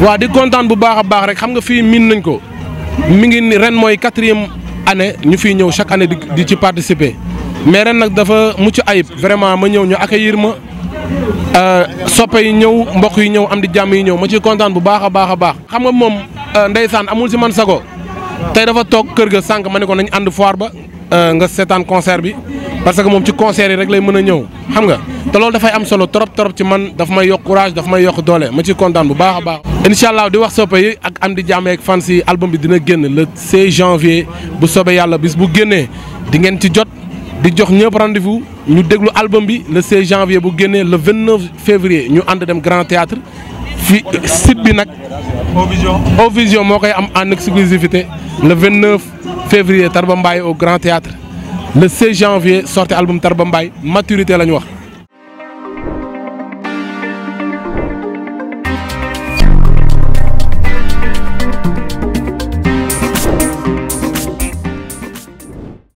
waa di kontaan bu baax a baax rek xam nga fii miin nañ ko mi ngi ren mooy quatrième année ñu fiy ñëw chaque année di ci participer mais ren nag dafa mucc ayib vraiment ma ñëw ñu ak accueillir ma euh, soppe yi ñëw mbokk yi ñëw am di jàmm yi ñëw ma ciy kontaan bu baax a baax a baax. xam nga moom euh, ndeysaan amul si man sago tey dafa toog kër ga sànq ma ne ko nañ ànd foire ba euh, nga seetaan concert bi. parce que mon ci concert yi rek lay mën a ñëw xam nga te loolu dafay am solo trop trop ci man daf ma yokk courage daf may yokk doole ma ciy kontaan bu baax a baax. incha allah di wax soppe yi ak am di ak fans yi album bi dina génn le 6 janvier bu soobee yàlla bis bu génnee di ngeen ci jot di jox rendez-vous ñu déglu album bi le 6 janvier bu le 29 février ñu dans dem grand théâtre fi site bi nag. Vision. Ovision Vision, koy am en exclusivité le 29 février Tarba Mbaye au grand théâtre le 16 janvier sorti album Tarbambay, Maturité maturité la noix..!